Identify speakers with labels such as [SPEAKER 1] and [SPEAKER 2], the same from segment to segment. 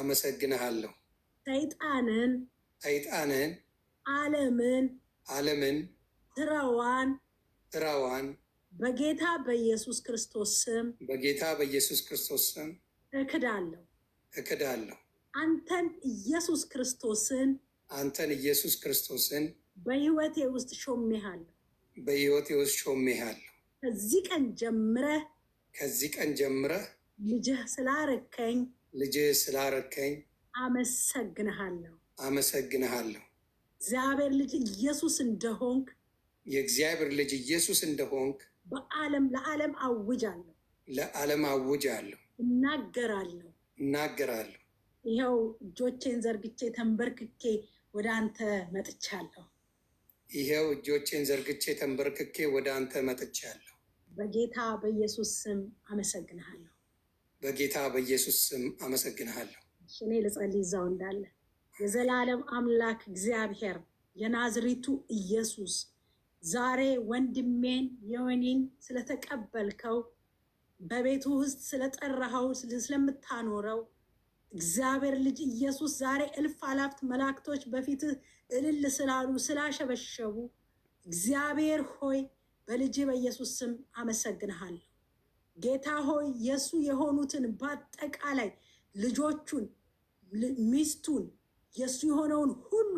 [SPEAKER 1] አመሰግንሃለሁ።
[SPEAKER 2] ሰይጣንን
[SPEAKER 1] ሰይጣንን
[SPEAKER 2] ዓለምን ዓለምን ትራዋን ትራዋን በጌታ በኢየሱስ ክርስቶስ ስም
[SPEAKER 1] በጌታ በኢየሱስ ክርስቶስ ስም እክዳለሁ እክዳለሁ።
[SPEAKER 2] አንተን ኢየሱስ ክርስቶስን
[SPEAKER 1] አንተን ኢየሱስ ክርስቶስን
[SPEAKER 2] በህይወቴ ውስጥ ሾሜሃለሁ
[SPEAKER 1] በህይወቴ ውስጥ ሾሜሃለሁ።
[SPEAKER 2] ከዚህ ቀን ጀምረህ
[SPEAKER 1] ከዚህ ቀን ጀምረህ
[SPEAKER 2] ልጅህ ስላረከኝ
[SPEAKER 1] ልጅ ስላረከኝ
[SPEAKER 2] አመሰግንሃለሁ
[SPEAKER 1] አመሰግንሃለሁ።
[SPEAKER 2] እግዚአብሔር ልጅ ኢየሱስ እንደሆንክ
[SPEAKER 1] የእግዚአብሔር ልጅ ኢየሱስ እንደሆንክ
[SPEAKER 2] በዓለም ለዓለም አውጃለሁ
[SPEAKER 1] ለዓለም አውጃለሁ
[SPEAKER 2] እናገራለሁ
[SPEAKER 1] እናገራለሁ።
[SPEAKER 2] ይኸው እጆቼን ዘርግቼ ተንበርክኬ ወደ አንተ መጥቻለሁ።
[SPEAKER 1] ይኸው እጆቼን ዘርግቼ ተንበርክኬ ወደ አንተ መጥቻለሁ።
[SPEAKER 2] በጌታ በኢየሱስ ስም አመሰግንሃለሁ።
[SPEAKER 1] በጌታ በኢየሱስ ስም አመሰግንሃለሁ።
[SPEAKER 2] እኔ ልጸልይ እዛው እንዳለ የዘላለም አምላክ እግዚአብሔር የናዝሪቱ ኢየሱስ ዛሬ ወንድሜን የወኒን ስለተቀበልከው በቤቱ ውስጥ ስለጠራኸው ስለምታኖረው እግዚአብሔር ልጅ ኢየሱስ ዛሬ እልፍ አላፍት መላእክቶች በፊትህ እልል ስላሉ ስላሸበሸቡ እግዚአብሔር ሆይ በልጅ በኢየሱስ ስም አመሰግንሃለሁ። ጌታ ሆይ የእሱ የሆኑትን በአጠቃላይ ልጆቹን፣ ሚስቱን፣ የእሱ የሆነውን ሁሉ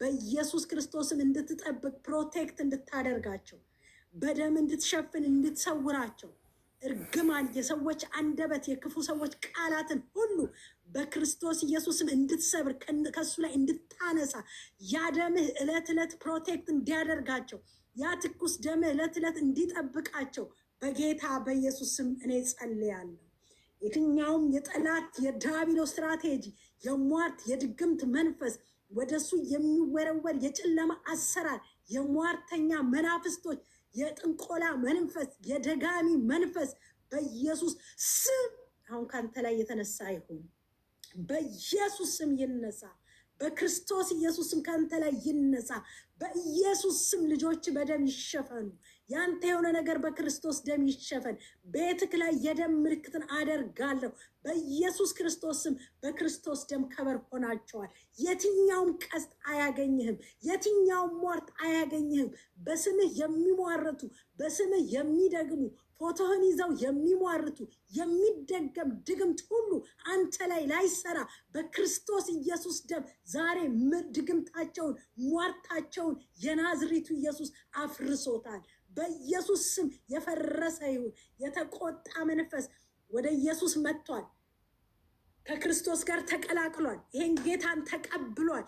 [SPEAKER 2] በኢየሱስ ክርስቶስም እንድትጠብቅ ፕሮቴክት እንድታደርጋቸው በደም እንድትሸፍን እንድትሰውራቸው እርግማን የሰዎች አንደበት የክፉ ሰዎች ቃላትን ሁሉ በክርስቶስ ኢየሱስም እንድትሰብር ከሱ ላይ እንድታነሳ ያ ደምህ ዕለት ዕለት ፕሮቴክት እንዲያደርጋቸው ያ ትኩስ ደምህ ዕለት ዕለት እንዲጠብቃቸው በጌታ በኢየሱስ ስም እኔ ጸልያለሁ። የትኛውም የጠላት የዳቢሎ ስትራቴጂ፣ የሟርት የድግምት መንፈስ ወደሱ የሚወረወር የጨለማ አሰራር፣ የሟርተኛ መናፍስቶች፣ የጥንቆላ መንፈስ፣ የደጋሚ መንፈስ በኢየሱስ ስም አሁን ከአንተ ላይ የተነሳ ይሁን። በኢየሱስ ስም ይነሳ። በክርስቶስ ኢየሱስም ስም ላይ ይነሳ። በኢየሱስ ስም ልጆች በደም ይሸፈኑ። ያንተ የሆነ ነገር በክርስቶስ ደም ይሸፈን። ቤትክ ላይ የደም ምልክትን አደርጋለሁ በኢየሱስ ክርስቶስ ስም። በክርስቶስ ደም ከበር ሆናቸዋል። የትኛውም ቀስት አያገኝህም። የትኛውም ሟርት አያገኝህም። በስምህ የሚሟርቱ በስምህ የሚደግሙ ፎቶህን ይዘው የሚሟርቱ የሚደገም ድግምት ሁሉ አንተ ላይ ላይሰራ በክርስቶስ ኢየሱስ ደም ዛሬ ድግምታቸውን ሟርታቸውን የናዝሪቱ ኢየሱስ አፍርሶታል። በኢየሱስ ስም የፈረሰ ይሁን። የተቆጣ መንፈስ ወደ ኢየሱስ መጥቷል። ከክርስቶስ ጋር ተቀላቅሏል። ይሄን ጌታን ተቀብሏል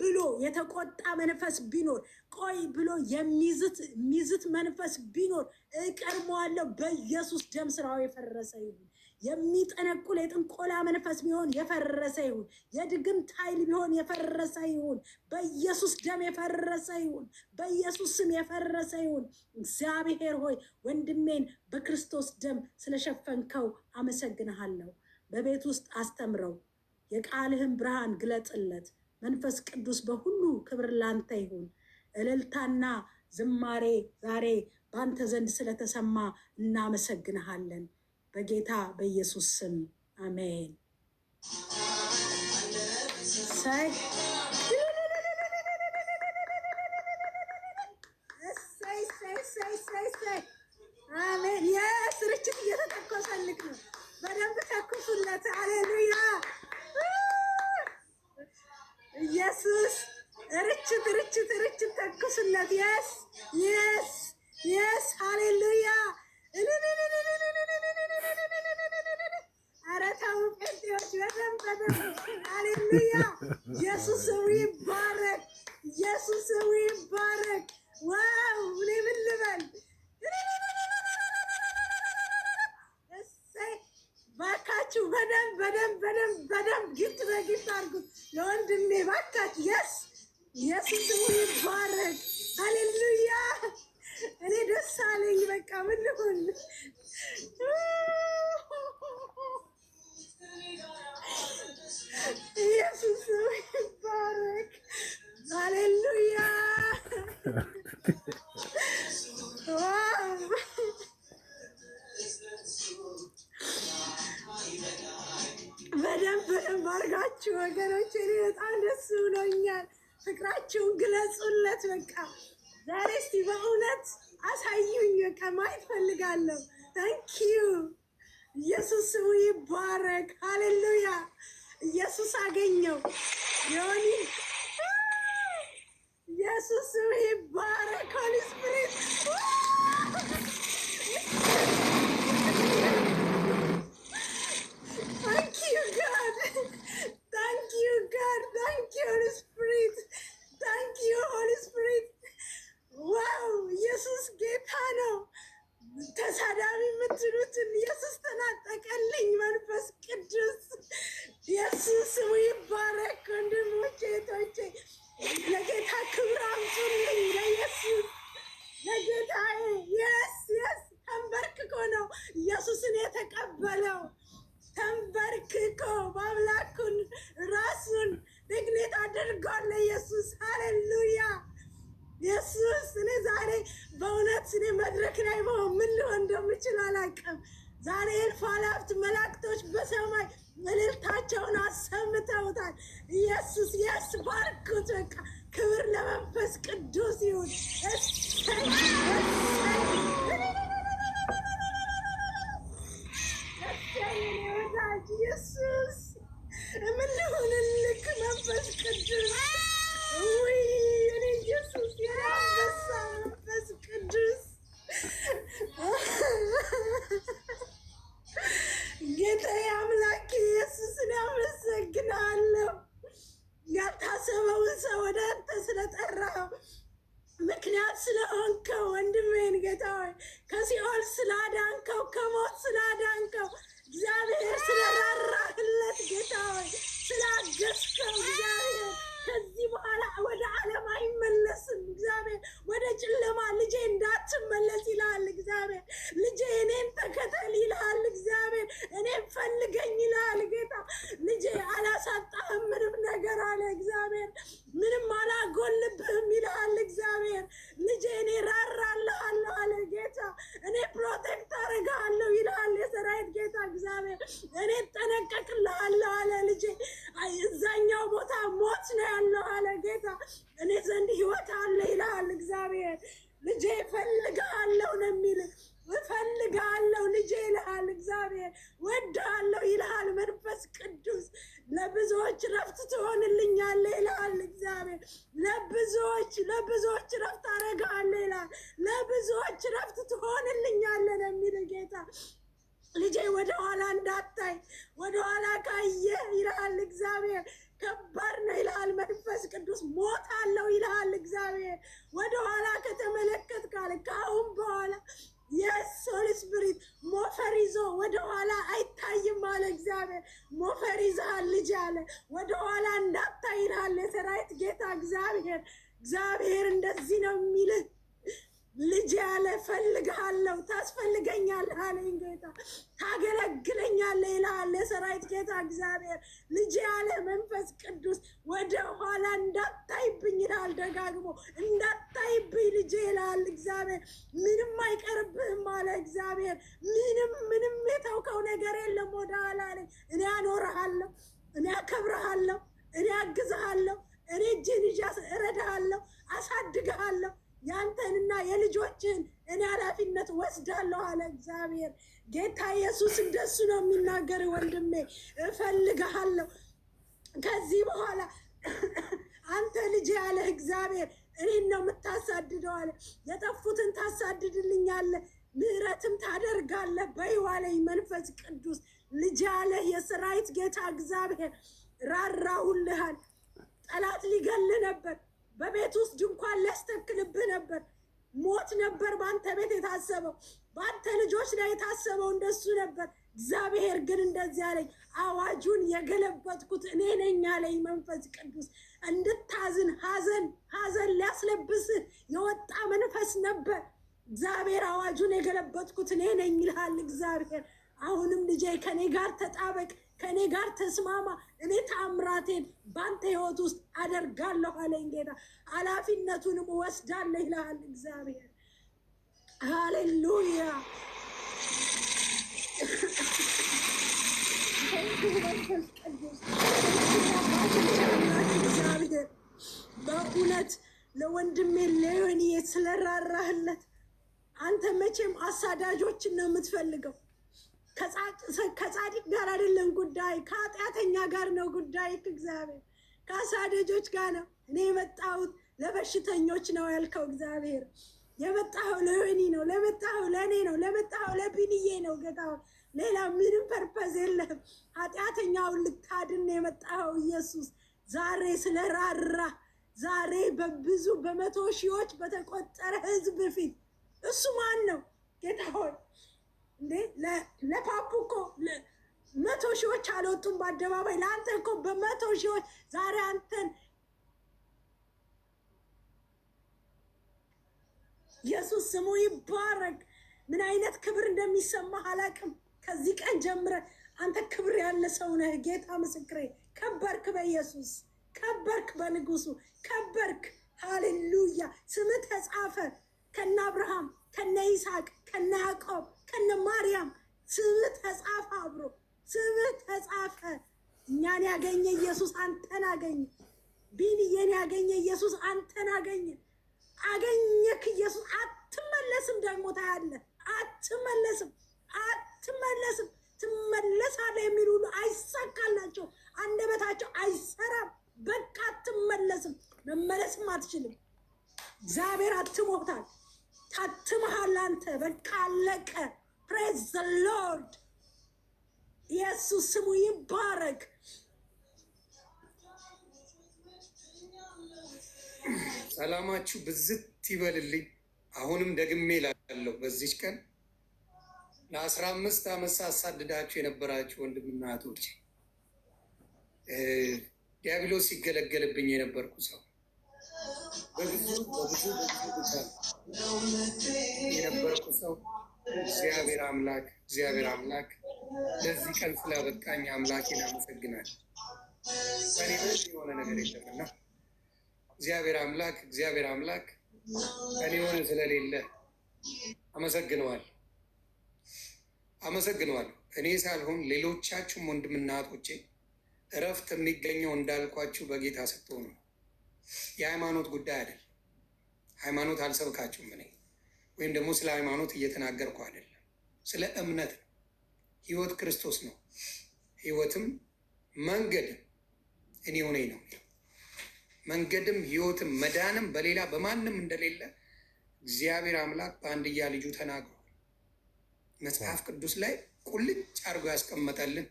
[SPEAKER 2] ብሎ የተቆጣ መንፈስ ቢኖር ቆይ ብሎ የሚዝት መንፈስ ቢኖር እቀርመዋለሁ። በኢየሱስ ደም ስራው የፈረሰ ይሁን። የሚጠነቁል የጥንቆላ መንፈስ ቢሆን የፈረሰ ይሁን። የድግምት ኃይል ቢሆን የፈረሰ ይሁን። በኢየሱስ ደም የፈረሰ ይሁን። በኢየሱስ ስም የፈረሰ ይሁን። እግዚአብሔር ሆይ ወንድሜን በክርስቶስ ደም ስለሸፈንከው አመሰግንሃለሁ። በቤት ውስጥ አስተምረው፣ የቃልህን ብርሃን ግለጥለት። መንፈስ ቅዱስ በሁሉ ክብር ላንተ ይሁን። እልልታና ዝማሬ ዛሬ በአንተ ዘንድ ስለተሰማ እናመሰግንሃለን። በጌታ በኢየሱስ ስም አሜን። አሜን ስርችት እየተተኮሰልክ ነው። በደንብ ተኩሱለት። አሌሉያ ኢየሱስ ርችት ርችት ርችት ተኩሱለት። የስ የስ የስ አሌሉያ ሃሌሉያ! ኢየሱስ ይባረክ፣ ኢየሱስ ይባረክ። ዋው! እኔ ምን ልበል? ባካችሁ በደንብ በደንብ በደንብ በደንብ ጊፍት በጊፍት አድርጉት ለወንድሜ ባካችሁ። የስ ኢየሱስ ስሙ ይባረክ። ሃሌሉያ! እኔ ደስ አለኝ። በቃ ምን ልሁን ይባረክ። ሃሌሉያ። ኢየሱስ አገኘው ዮኒ ኢየሱስ ይባረክ ሆሊ ስፕሪት Yes, yes, barco kocak. ረፍት ትሆንልኛለ ይላል እግዚአብሔር። ለብዙዎች ለብዙዎች ረፍት አረጋለ ይላል። ለብዙዎች ረፍት ትሆንልኛለ ለሚል ጌታ። ልጄ ወደ ኋላ እንዳታይ ወደ ኋላ ካየ ይላል እግዚአብሔር ከባድ ነው ይልሃል መንፈስ ቅዱስ። ሞት አለው ይልሃል እግዚአብሔር። ወደኋላ ከተመለከት ካለ ከአሁን በኋላ የሶል ስፕሪት ሞፈር ይዞ ወደኋላ አይታይም አለ እግዚአብሔር። ሞፈር ይዘሃል ልጅ አለ ወደኋላ እንዳታይልሃል የሰራዊት ጌታ እግዚአብሔር። እግዚአብሔር እንደዚህ ነው የሚልህ ልጅ ያለ ፈልግሃለሁ፣ ታስፈልገኛለህ አለኝ ጌታ። ታገለግለኛለህ ይልሃል የሰራዊት ጌታ እግዚአብሔር። ልጅ ያለ መንፈስ ቅዱስ ወደ ኋላ እንዳታይብኝ ይልሃል ደጋግሞ፣ እንዳታይብኝ ልጅ ይልሃል እግዚአብሔር። ምንም አይቀርብህም አለ እግዚአብሔር። ምንም ምንም የታውቀው ነገር የለም ወደ ኋላ አለኝ። እኔ አኖርሃለሁ፣ እኔ አከብረሃለሁ፣ እኔ አግዝሃለሁ፣ እኔ እጅህን እረዳሃለሁ፣ አሳድግሃለሁ ያንተንና የልጆችን እኔ ኃላፊነት ወስዳለሁ አለ እግዚአብሔር ጌታ ኢየሱስ። እንደሱ ነው የሚናገር ወንድሜ፣ እፈልግሃለሁ። ከዚህ በኋላ አንተ ልጅ ያለ እግዚአብሔር እኔን ነው የምታሳድደው አለ። የጠፉትን ታሳድድልኛለ ምሕረትም ታደርጋለ በይዋለኝ መንፈስ ቅዱስ ልጅ ያለ የሰራዊት ጌታ እግዚአብሔር ራራሁልሃል። ጠላት ሊገል ነበር በቤት ውስጥ ድንኳን ሊያስተክልብህ ነበር። ሞት ነበር በአንተ ቤት የታሰበው፣ በአንተ ልጆች ላይ የታሰበው እንደሱ ነበር። እግዚአብሔር ግን እንደዚህ አለኝ፣ አዋጁን የገለበጥኩት እኔ ነኝ አለኝ መንፈስ ቅዱስ። እንድታዝን ሐዘን ሐዘን ሊያስለብስህ የወጣ መንፈስ ነበር። እግዚአብሔር አዋጁን የገለበጥኩት እኔ ነኝ ይልሃል እግዚአብሔር። አሁንም ልጄ ከኔ ጋር ተጣበቅ፣ ከኔ ጋር ተስማማ እኔ ተአምራቴን በአንተ ህይወት ውስጥ አደርጋለሁ አለኝ ጌታ። ኃላፊነቱንም ወስዳለሁ ይልሃል እግዚአብሔር። ሃሌሉያ እግዚአብሔር በእውነት ለወንድሜ ለዮኒ ስለራራህለት አንተ መቼም አሳዳጆችን ነው የምትፈልገው። ከጻድቅ ጋር አይደለም ጉዳይ፣ ከኃጢአተኛ ጋር ነው ጉዳይ። እግዚአብሔር ከአሳደጆች ጋር ነው። እኔ የመጣሁት ለበሽተኞች ነው ያልከው እግዚአብሔር የመጣኸው ለወኒ ነው፣ ለመጣኸው ለእኔ ነው፣ ለመጣኸው ለቢንዬ ነው። ጌታ ሌላ ምንም ፐርፐዝ የለም። ኃጢአተኛውን ልታድን የመጣኸው ኢየሱስ ዛሬ ስለራራ ዛሬ በብዙ በመቶ ሺዎች በተቆጠረ ህዝብ ፊት እሱ ማን ነው ጌታ ሆይ ለፓፑ እኮ መቶ ሺዎች አልወጡም በአደባባይ ለአንተ እኮ በመቶ ሺዎች ዛሬ አንተን ኢየሱስ ስሙ ይባረግ ምን አይነት ክብር እንደሚሰማህ አላውቅም። ከዚህ ቀን ጀምረ አንተ ክብር ያለ ሰው ነህ። ጌታ ምስክሬ። ከበርክ፣ በኢየሱስ ከበርክ፣ በንጉሱ ከበርክ። ሃሌሉያ! ስምህ ተጻፈ ከነ አብርሃም ከነ ይስሐቅ ከነ ያዕቆብ ከነ ማርያም ስብህ ተጻፈ አብሮ ስብህ ተጻፈ። እኛን ያገኘ ኢየሱስ አንተን አገኘ። ቢንዬን ያገኘ ኢየሱስ አንተን አገኘ። አገኘክ ኢየሱስ። አትመለስም ደግሞ ታያለህ። አትመለስም፣ አትመለስም። ትመለሳለህ የሚል ሁሉ አይሳካላቸው፣ አንደበታቸው አይሰራም። በቃ አትመለስም፣ መመለስም አትችልም። እግዚአብሔር አትሞታል፣ ታትመሃል። አንተ በቃ አለቀ። ፕሬዝ ዘ ሎርድ ኢየሱስ ስሙ ይባረክ።
[SPEAKER 1] ሰላማችሁ ብዝት ይበልልኝ። አሁንም ደግሜ ላለው በዚች ቀን ለአስራ አምስት አመት ሳሳድዳችሁ የነበራችሁ ወንድምና እህቶቼ ዲያብሎስ ሲገለገልብኝ የነበርኩ ሰው የነበርኩ ሰው እግዚአብሔር አምላክ እግዚአብሔር አምላክ ለዚህ ቀን ስላበቃኝ አምላኬን አመሰግናል። በኔ የሆነ ነገር የለምና እግዚአብሔር አምላክ እግዚአብሔር አምላክ ከኔ የሆነ ስለሌለ አመሰግነዋል አመሰግነዋል። እኔ ሳልሆን ሌሎቻችሁም ወንድምና እህቶቼ እረፍት የሚገኘው እንዳልኳችሁ በጌታ ሰጥቶ ነው። የሃይማኖት ጉዳይ አይደል። ሃይማኖት አልሰብካችሁም እኔ ወይም ደግሞ ስለ ሃይማኖት እየተናገርኩ አይደለም፣ ስለ እምነት ህይወት ክርስቶስ ነው፣ ህይወትም መንገድም እኔ ሆነኝ ነው የሚለው መንገድም ህይወትም መዳንም በሌላ በማንም እንደሌለ እግዚአብሔር አምላክ በአንድያ ልጁ ተናግሯል። መጽሐፍ ቅዱስ ላይ ቁልጭ አድርጎ ያስቀመጠልን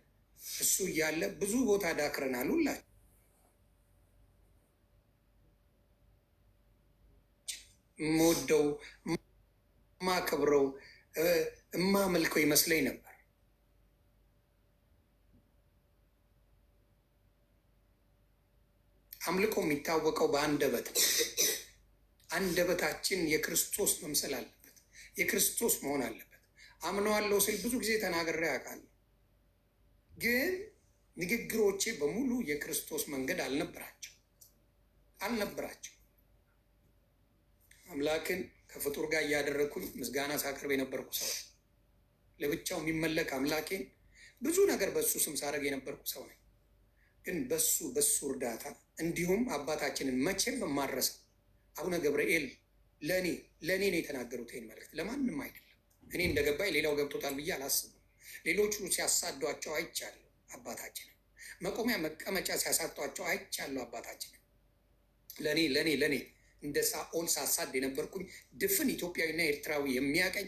[SPEAKER 1] እሱ እያለ ብዙ ቦታ ዳክረናል ሁላችን። የምወደው ማከብረው እማመልከው ይመስለኝ ነበር። አምልኮ የሚታወቀው በአንደበት አንደበታችን የክርስቶስ መምሰል አለበት፣ የክርስቶስ መሆን አለበት። አምነዋለሁ ስል ብዙ ጊዜ ተናግሬ አውቃለሁ፣ ግን ንግግሮቼ በሙሉ የክርስቶስ መንገድ አልነበራቸው አልነበራቸው አምላክን ከፍጡር ጋር እያደረግኩኝ ምስጋና ሳቅርብ የነበርኩ ሰው ለብቻው የሚመለክ አምላኬን ብዙ ነገር በሱ ስም ሳደርግ የነበርኩ ሰው ነኝ። ግን በሱ በሱ እርዳታ እንዲሁም አባታችንን መቼም የማረሰው አቡነ ገብርኤል ለእኔ ለእኔ ነው የተናገሩት። ይህን መልእክት ለማንም አይደለም። እኔ እንደገባኝ ሌላው ገብቶታል ብዬ አላስብም። ሌሎቹ ሲያሳዷቸው አይቻለሁ አባታችንን መቆሚያ መቀመጫ ሲያሳጧቸው አይቻለሁ አባታችንን ለእኔ ለእኔ ለእኔ እንደ ሳኦል ሳሳድ የነበርኩኝ ድፍን ኢትዮጵያዊና ኤርትራዊ የሚያቀኝ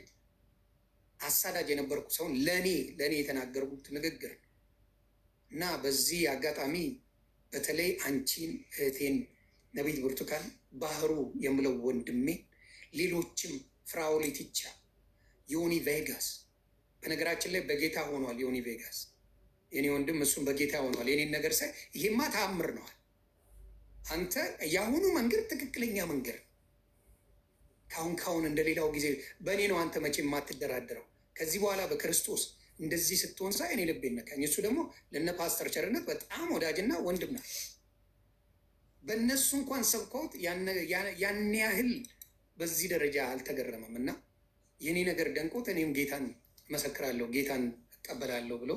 [SPEAKER 1] አሳዳጅ የነበርኩ ሰውን ለእኔ ለእኔ የተናገርኩት ንግግር እና በዚህ አጋጣሚ በተለይ አንቺን እህቴን ነቢይ ብርቱካን ባህሩ የምለው ወንድሜን ሌሎችም ፍራውሌትቻ ኢቲቻ ዮኒ ቬጋስ በነገራችን ላይ በጌታ ሆኗል። ዮኒ ቬጋስ የኔ ወንድም እሱም በጌታ ሆኗል። የኔን ነገር ሳይ ይሄማ ተአምር ነዋል አንተ የአሁኑ መንገድ ትክክለኛ መንገድ ካሁን ካሁን እንደሌላው ጊዜ በእኔ ነው አንተ መቼ የማትደራደረው። ከዚህ በኋላ በክርስቶስ እንደዚህ ስትሆን ሳይ እኔ ልቤ ነካኝ። እሱ ደግሞ ለነ ፓስተር ቸርነት በጣም ወዳጅና ወንድም ናት። በእነሱ እንኳን ሰብከውት ያን ያህል በዚህ ደረጃ አልተገረመም እና የእኔ ነገር ደንቆት እኔም ጌታን እመሰክራለሁ ጌታን እቀበላለሁ ብሎ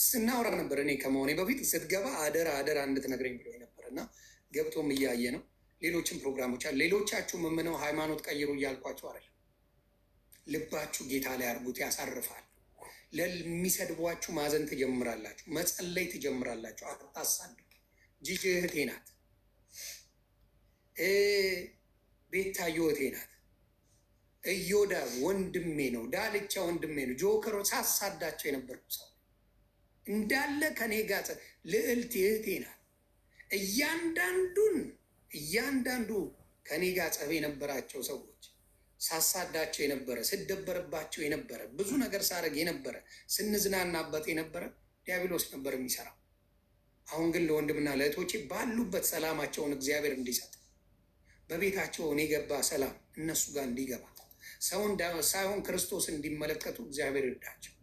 [SPEAKER 1] ስናወራ ነበር። እኔ ከመሆኔ በፊት ስትገባ አደራ አደራ እንድትነግረኝ ብሎ ነበር እና ገብቶም እያየ ነው። ሌሎችም ፕሮግራሞች አሉ። ሌሎቻችሁ የምምነው ሃይማኖት ቀይሩ እያልኳቸው አይደለም። ልባችሁ ጌታ ላይ አርጉት፣ ያሳርፋል። ለሚሰድቧችሁ ማዘን ትጀምራላችሁ፣ መጸለይ ትጀምራላችሁ። አታሳድዱ። ጂጂ እህቴ ናት፣ ቤታዬ እህቴ ናት፣ እዮዳ ወንድሜ ነው፣ ዳልቻ ወንድሜ ነው። ጆከሮ ሳሳዳቸው የነበርኩ ሰው እንዳለ ከኔ ጋር ልዕልት እህቴ ናት። እያንዳንዱን እያንዳንዱ ከኔ ጋር ጸብ የነበራቸው ሰዎች ሳሳዳቸው የነበረ ስደበርባቸው የነበረ ብዙ ነገር ሳደርግ የነበረ ስንዝናናበት የነበረ ዲያብሎስ ነበር የሚሰራው። አሁን ግን ለወንድምና ለእህቶቼ ባሉበት ሰላማቸውን እግዚአብሔር እንዲሰጥ በቤታቸው እኔ ገባ ሰላም እነሱ ጋር እንዲገባ ሰውን ሳይሆን ክርስቶስ እንዲመለከቱ እግዚአብሔር ይርዳቸው።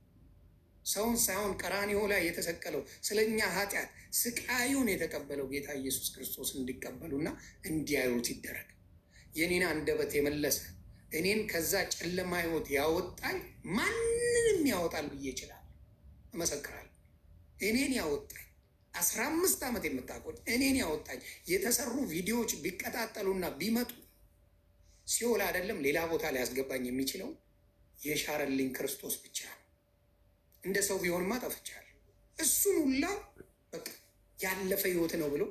[SPEAKER 1] ሰውን ሳይሆን ቀራኒዮ ላይ የተሰቀለው ስለ እኛ ኃጢአት ስቃዩን የተቀበለው ጌታ ኢየሱስ ክርስቶስ እንዲቀበሉና እንዲያዩት ይደረግ። የኔን አንደበት የመለሰ እኔን ከዛ ጨለማ ህይወት ያወጣኝ ማንንም ያወጣል ብዬ ይችላል እመሰክራል። እኔን ያወጣኝ አስራ አምስት ዓመት የምታቆኝ እኔን ያወጣኝ የተሰሩ ቪዲዮዎች ቢቀጣጠሉና ቢመጡ ሲኦል አይደለም ሌላ ቦታ ሊያስገባኝ የሚችለው የሻረልኝ ክርስቶስ ብቻ ነው። እንደ ሰው ቢሆንማ ጠፍቻለሁ። እሱን ሁላ ያለፈ ህይወት ነው ብሎ